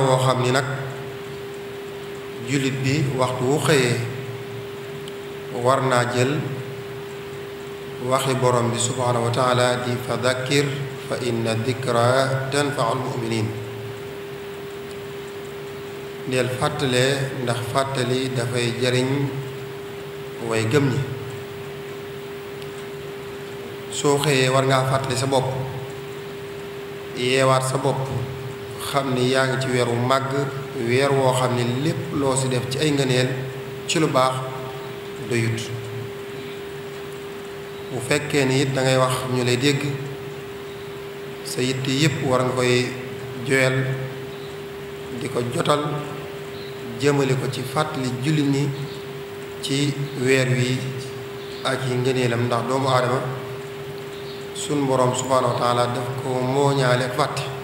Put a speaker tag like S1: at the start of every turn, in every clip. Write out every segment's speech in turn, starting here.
S1: la woo xam ni nag jullit bi waxtu wu xëyee war naa jël waxi borom bi subhaanahu wa taala di fa dakkir fa inna dikra tanfaul muminin del fàttalee ndax fàttali dafay jariñ way gëm ñi soo xëyee war ngaa fàttali sa bopp yeewaat sa bopp xam ni yaa ngi ci weer wu màgg weer woo xam ni lépp loo si def ci ay ngëneel ci lu baax doyut bu fekkee ni it dangay wax ñu lay dégg sa yitt yëpp war nga koy joyal di ko jotal jëmale ko ci fàttali jullit ñi ci weer wi ak yi ngëneelam ndax doomu aadama sun boroom subhaanahu wa ko mooñaale fàtte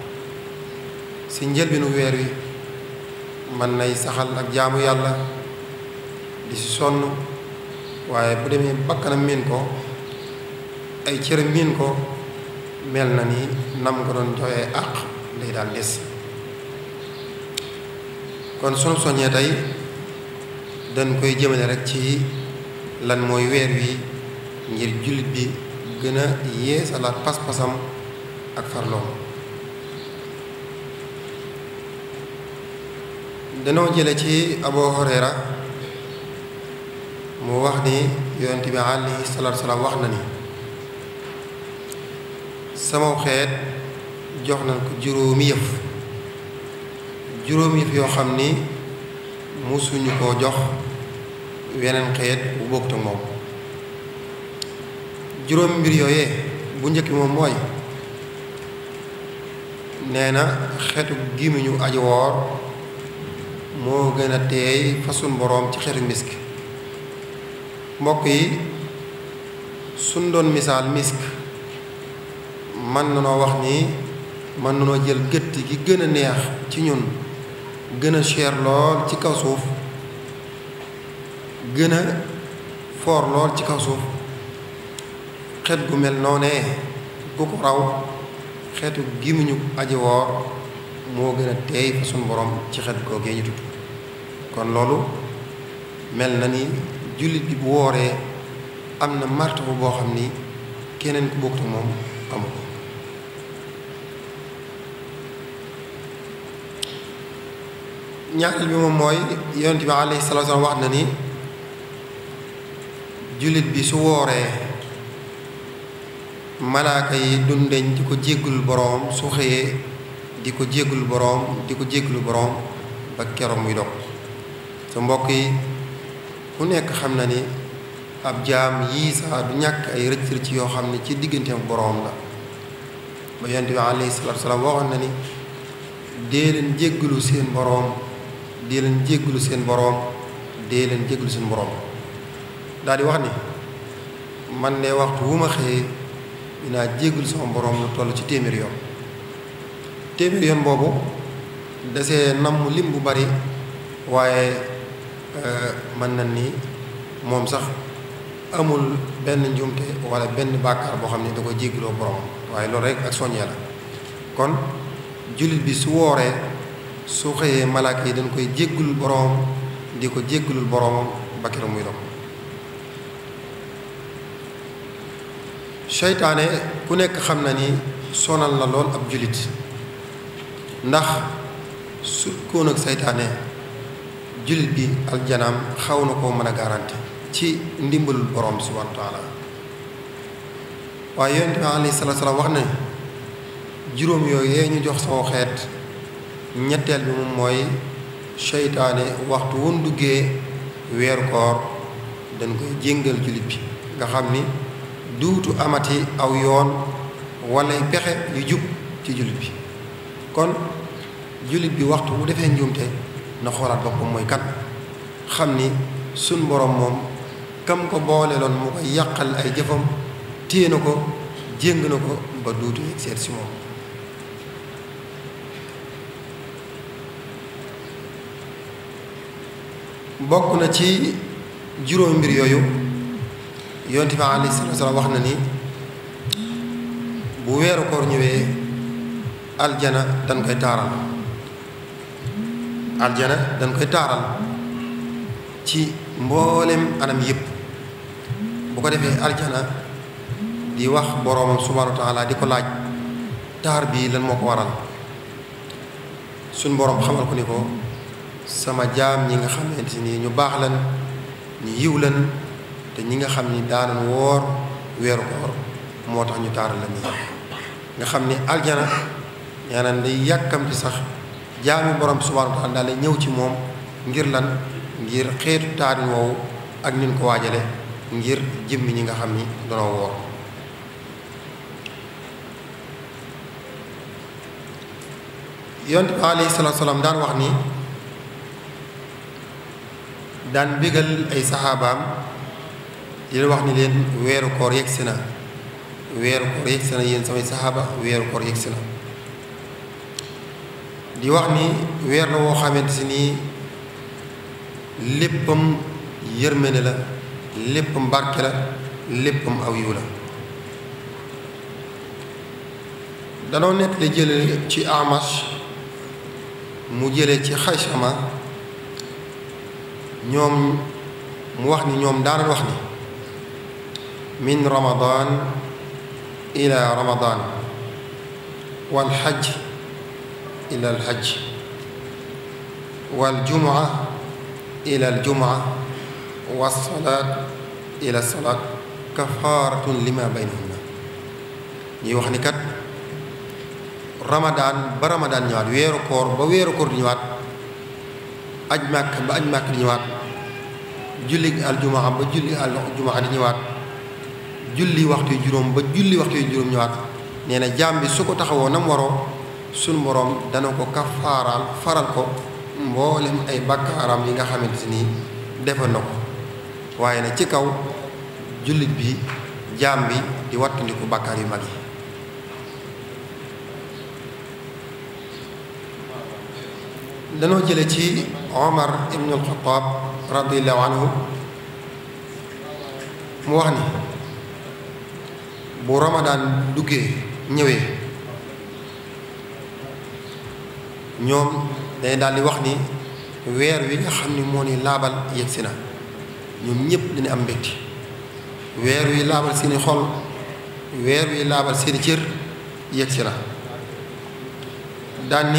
S1: si njëlbinu weer wi man nay saxal ak jaamu yàlla di sonn waaye bu demee bakkanam miin ko ay cëram miin ko mel na ni nam ko doon joxee àq day daal des kon sunu soññee tey dañ koy jëmale rek ci lan mooy weer wi ngir jullit bi gën a yeesalaat pas-pasam ak farloom danoo jële ci Abu Hurayra mu wax ni yonent bi alayhi salaatu salaam wax na ni sama xeet jox nañ ko juróomi yëf juróomi yëf yoo xam ni musuñu koo jox weneen xeet bu bokkut ak moom juróomi mbir yooyee bu njëkk moom mooy nee na xeetu gémmiñu aji woor moo gën a teey fasun boroom ci xetu misk mbokk yi suñ doon misaal misk mën na noo wax ni mën na noo jël gëtt gi gën a neex ci ñun gën a cher lool ci kaw suuf gën a foor lool ci kaw suuf xet gu mel noonee ku ko raw xeetu gi mu ñu aji woor moo gën a teey fa borom ci xet ko ñu tudd kon loolu mel na ni jullit bi bu wooree am na martaba boo xam ni keneen ku bokkut moom amu ko bi moom mooy yonent bi alayhi salaatu wax na ni jullit bi su wooree malaaka yi dundeñ di ko jéggul boroom su xëyee di ko jégglu boroom di ko jégglu boroom ba keroog muy dox te mbokk yi ku nekk xam na ni ab jaam yii saa du ñàkk ay rëcc rëcc yoo xam ne ci digganteem boroom la ba yonent bi alayhi salaatu salaam waxoon na ni dee leen jégglu seen boroom dee leen jégglu seen boroom dee leen seen boroom daal di wax ni man de waxtu wu ma xëyee dinaa jégglu sama boroom lu toll ci téeméer yoon téeméer yoon boobu dasee namm lim bu bari waaye euh, mën na ni moom sax amul benn njuumte wala benn bàkkaar boo xam ne da ko jéggaloo borom waaye loolu rek ak soññee la kon jullit bi su wooree su xëyee malaaka yi dañ koy jéggalul borom di ko jéggalul boromam ba keroog muy dox seytaane ku nekk xam na ni sonal na lool ab jullit ndax sukkoon ak saytaane jullit bi aljanaam xaw na ko mën a garanti ci ndimbalul borom subhaanahu wa taala waaye yonent bi alayhi salaatu salaam wax na juróom yooyu yee ñu jox soo xeet ñetteel bi moom mooy seytaane waxtu woon duggee weeru koor dañ koy jéngal jullit bi nga xam ni duutu amati aw yoon walla pexe yu jub ci jullit bi kon jullit bi waxtu bu defee njuumte na xoolaat boppam mooy kan xam ni suñ borom moom kam ko boole loon mu koy yàqal ay jëfam téye na ko jéng na ko ba duutu yëg seet si moom bokk na ci juróom mbir yooyu yonent bi alayhi salaatu wa salaam wax na ni bu weeru koor ñëwee aljana dañ koy taaral aljana dañ koy taaral ci mboolem anam yépp bu ko defee aljana di wax boroom subhaanahu wa di ko laaj taar bii lan moo ko waral suñ boroom xamal ko ni ko sama jaam ñi nga xamante ni ñu baax lan ñu yiw lan te ñi nga xam ni daanan woor weeru koor moo tax ñu taaral la nii nga xam ni aljana ñaanam day yàkkamti sax jaamu borom subhaanahu wa taala daal ñëw ci moom ngir lan ngir xeetu taarin woowu ak nin ko waajale ngir jëmmi ñi nga xam ni danoo woor yonent bi alayhi salaatu salaam daan wax ni daan bégal ay saxaabaam di wax ni leen weeru koor yegsi na weeru koor yegsi na yéen samay saxaaba weeru koor yegsi na li wax ni weer na woo xamante si nii léppam yërmande la léppam barke la léppam aw yiw danoo nekk la jële ci Amash mu jële ci Xaysama ñoom mu wax ni ñoom daanal wax ni min ramadan ila ramadan wal xaj ila alxaj waljumua ila aljumua walsalaat ila salaat kafaaratun lima baynahunna ñuy wax ni kat ramadaan ba ramadaan ñëwaat weeru koor ba weeru koor di ñëwaat aj màkk ba aj màkk di ñëwaat julli julli waxtu yu juróom ba julli waxtu yu juróom ñëwaat nee na jaam bi su ko taxawoo nam waroo sunu boroom dana ko kafaaraal faral ko mboolem ay bakkaaram yi nga xamante ni defe na ko waaye nag ci kaw jullit bi jaam bi di wattandiku bakkaar yu mag yi danoo jële ci Omar ibnul Xataab radiyallahu anhu mu wax ni bu ramadaan duggee ñëwee ñoom day daal wax ni weer wi nga xam ni moo ni laabal yegg si na ñoom ñëpp dina am mbégte weer wi laabal seeni xol weer wi laabal seeni cër yegg si na daan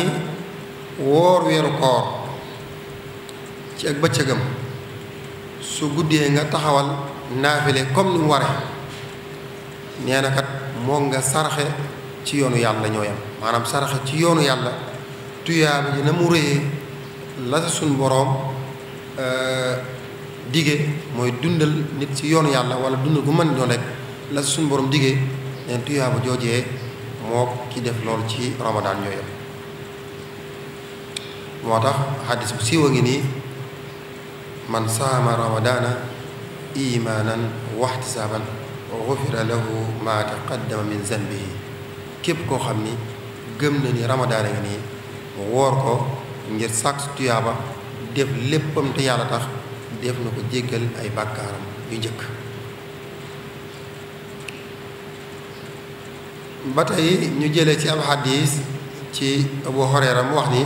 S1: woor weeru koor ci ak bëccëgam su guddee nga taxawal naafile comme ni mu ware nee na kat moo nga saraxe ci yoonu yàlla ñoo yam maanaam saraxe ci yoonu yàlla tuyaaba ji na mu rëyee la sa suñ boroom euh, dige mooy dundal nit ci yoonu yàlla wala dundal gu man doon rek la sa suñ boroom dige neen tuyaaba joojee moo ki def lool ci ramadaan ñoo yem moo tax xaddis bu a ngi nii man saama ramadaana imaanan waxtisaaban xufira lahu maa taqaddama min zanbihi képp koo xam ni gëm na ni ramadaana ngi nii woor ko ngir sàkk tuyaaba def léppam te yàlla tax def na ko jéggal ay bàkkaaram yu jëkk ba tey ñu jële ci ab xaddiis ci Abu Hurayra wax ni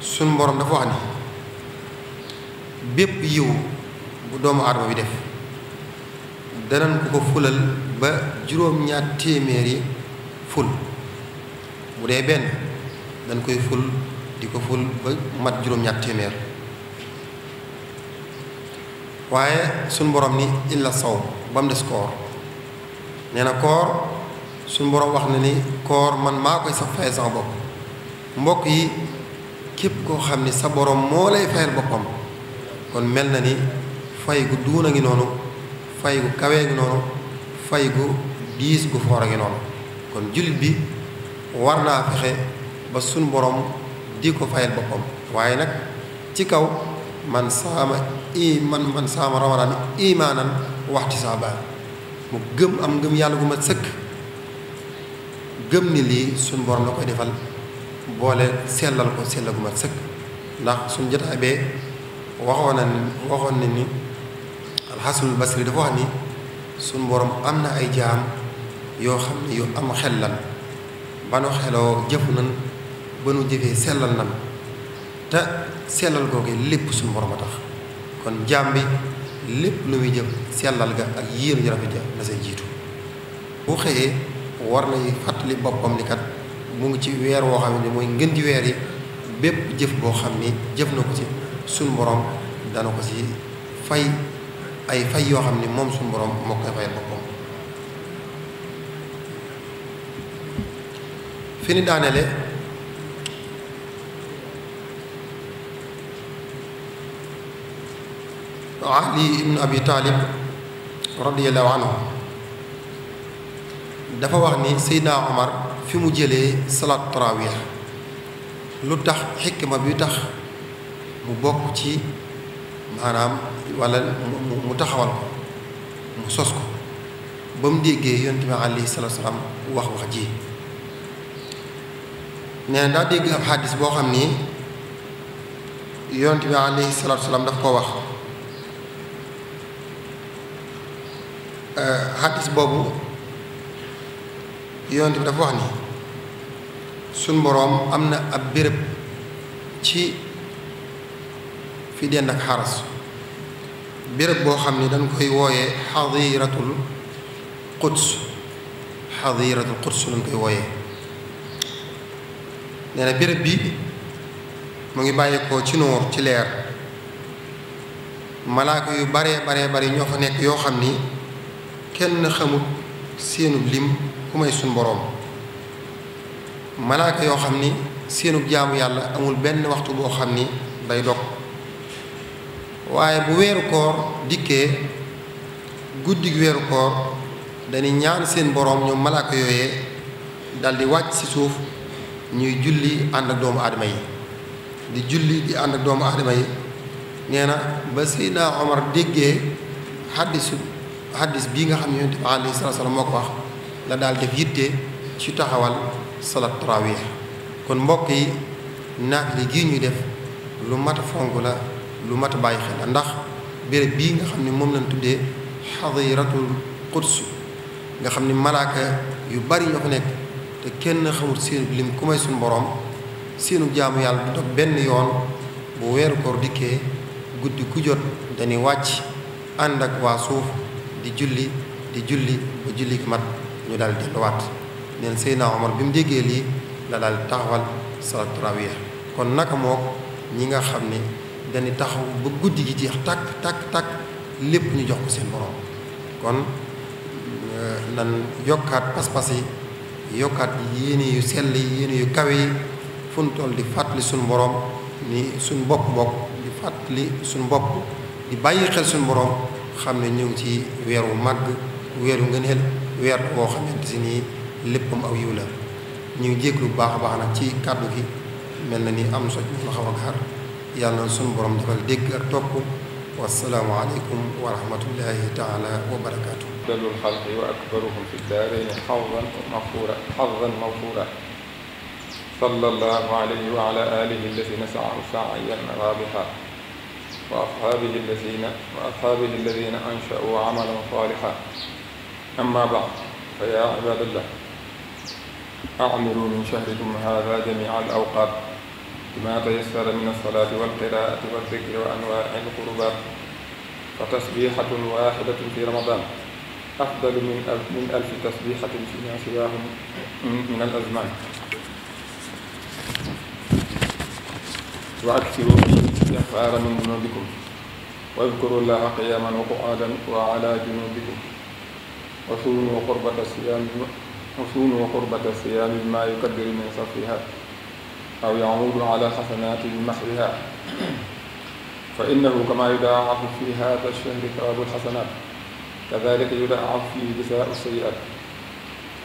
S1: suñ boroom dafa wax ni bépp yiw bu doomu aadama bi def danañ ko ko fulal ba juróom-ñaar téeméeri ful bu dee benn dañ koy ful di ko ful ba mat juróom-ñaar téeméer waaye suñ borom ni illa sow ba mu des koor nee na koor suñ borom wax na ni koor man maa koy sax fayal sama bopp mbokk yi képp koo xam ni sa boroom moo lay fayal boppam kon mel na ni fay gu duun a ngi noonu fay gu kawee ngi noonu fay gu diis gu foor a ngi noonu kon jullit bi war naa fexe ba suñ borom di ko fayal boppam waaye nag ci kaw man saama i man man saama ramadaan imaanan waxti saabaan mu gëm am ngëm yàlla gu mat sëkk gëm ni lii sunu borom la koy defal boole sellal ko sellal gu ma sëkk ndax suñ jotaay bee waxoon na waxoon na ni alxasanul basri dafa wax ni sunu borom am na ay jaam yoo xam ne yu am xel lan ba nu xeloo jëfu nan ba nu jëfee sellal nan te sellal googu lépp suñu borom a kon jaam bi lépp lu muy jëf sellal ga ak yéen ñu rafet na say jiitu bu xëyee war nay fàttali boppam ni kat mu ngi ci weer woo xam ne mooy ngën di weer yi bépp jëf boo xam ni jëf na ko ci suñu borom dana ko ci fay ay fay yoo xam ni moom suñu borom moo koy fayal boppam fi ni daanele ali ibnu abi taalib radiallahu dafa wax ni seydna omar fi mu jëlee salaatu tarawih lu tax xikma bi tax mu bokk ci maanaam walla mu taxawal ko mu sos ko ba mu déggee yonent bi alayhi wax wax ji nee na daa dégg ab xaddis boo xam ni yonent bi alayhi salaatu salaam daf koo wax euh, xaddis boobu yonent bi dafa wax ni suñ boroom am na ab bërëb ci fii dend ak xaras béréb boo xam ni dañ koy wooyee xadiratul quds xadiratul quds lañ koy wooyee nee na béréb bi mu ngi bàyyeekoo ci nuur ci leer malaaka yu baree baree bari ñoo fa nekk yoo xam ni kenn xamut seenub lim ku may suñ boroom malaaka yoo xam ni seenub jaamu yàlla amul benn waxtu boo xam ni day dog waaye bu weeru koor dikkee guddi gi weeru koor dañuy ñaan seen boroom ñoom malaaka yooyee daldi wàcc ci suuf ñuy julli ànd ak doomu adama yi di julli di ànd ak doomu adama yi nee na ba Seydina Omar déggee xaddisu xaddis bii nga xam ne yonent bi alayhi moo ko wax la daal def yitte ci taxawal salat tarawih kon mbokk yi naafila gi ñuy def lu mat a la lu mat a bàyyi ndax béréb bii nga xam ne moom lañ tuddee xadiratul quds nga xam ni malaaka yu bari ñoo fa nekk te kenn xamul seen lim ku may suñu borom seenu jaamu yàlla du dog benn yoon bu weeru koor dikkee guddi gu jot dañuy wàcc ànd ak waa suuf di julli di julli ba julli mat ñu daal delluwaat neen Seydina Omar bi mu déggee lii la daal taxawal salaat tarawih kon naka mook ñi nga xam ne dañuy taxaw ba guddi gi jeex takk takk takk lépp ñu jox ko seen borom kon euh, nan yokkaat pas-pas yi yokkaat yéene yu sell yi yéene yu kawe yi fu ñu di fàttali suñu borom ni suñu bopp bokk di fàttali suñu bopp di bàyyi xel suñu borom xam ne ñu ngi ci weeru màgg weeru ngëneel weer boo xamante si nii léppam aw yiw la ñu ngi jégalu bu baax a baax nag ci kàddu gi mel na ni am soj na xaw a gaar yàlla suñu borom defal dégg ak topp wasalaamualeykum
S2: wa rahmatullahi taala wa barakaatu. أفضل الخلق وأكبرهم في الدارين حظا مغفورا حظا مغفورا صلى الله عليه وعلى آله الذين سعوا سعيا رابحا وأصحابه الذين وأصحابه الذين أنشأوا عملا صالحا أما بعد فيا عباد الله أعملوا من شهركم هذا جميع الأوقات بما تيسر من الصلاة والقراءة والذكر وأنواع القربات فتسبيحة واحدة في رمضان afdalu min min alfi tasbihatin fi ma siwaahum min al azman wa aksiru istighfaara min dunubikum wa adkuru llaha qiyaman wa qu'udan wa ala junubikum wa suunu qurbata siyaami wa suunu qurbata siyaami ma yukaddiru min safiha aw yamudu ala xasanati mahwiha fa innahu kama yudaafu fi hada ash-shahri thawaabul xasanaat كذلك يضاعف فيه جزاء السيئات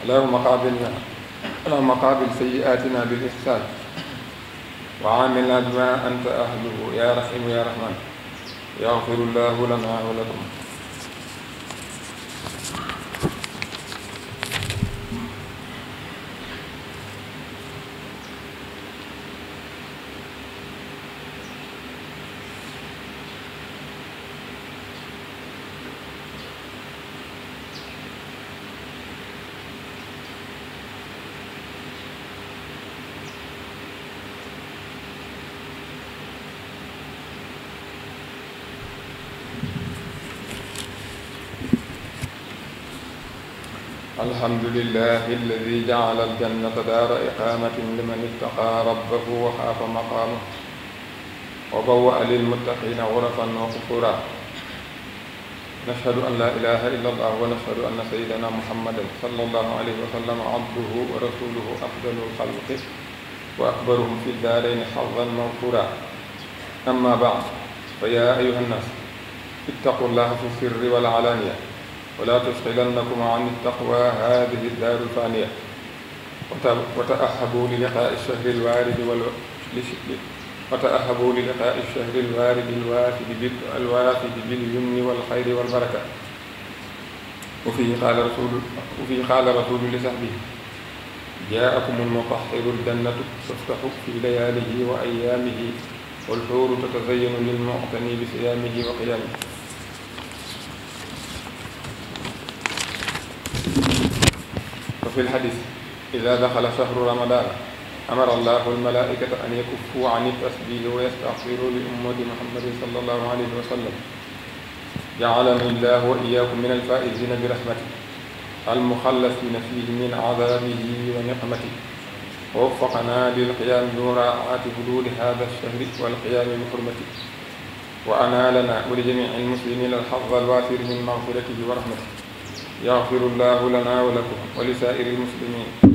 S2: اللهم قابلنا اللهم قابل سيئاتنا بالإحسان وعاملنا بما أنت أهله يا رحيم يا رحمن يغفر الله لنا ولكم الحمد لله الذي جعل الجنة دار إقامة لمن اتقى ربه وخاف مقامه وبوأ للمتقين غرفا وقصورا نشهد أن لا إله إلا الله ونشهد أن سيدنا محمدا صلى الله عليه وسلم عبده ورسوله أفضل الخلق وأكبرهم في الدارين حظا موفورا أما بعد فيا أيها الناس اتقوا الله في السر والعلانية ولا تشغلنكم عن التقوى هذه الدار الفانية وتأهبوا للقاء الشهر الوارد والو... وتأهبوا للقاء الشهر الوارد الوافد بال... الوافد باليمن والخير والبركة وفيه قال رسول وفيه قال رسول لصحبه جاءكم المطهر الجنة تفتح في لياله وأيامه والحور تتزين للمعتني بصيامه وقيامه وفي الحديث إذا دخل شهر رمضان أمر الله الملائكة أن يكفوا عن التسبيح ويستغفروا لأمة محمد صلى الله عليه وسلم جعلني الله وإياكم من الفائزين برحمته المخلصين فيه من عذابه ونقمته ووفقنا للقيام بمراعاة حدود هذا الشهر والقيام بحرمته وأنالنا ولجميع المسلمين الحظ الوافر من مغفرته ورحمته يغفر الله لنا ولكم ولسائر المسلمين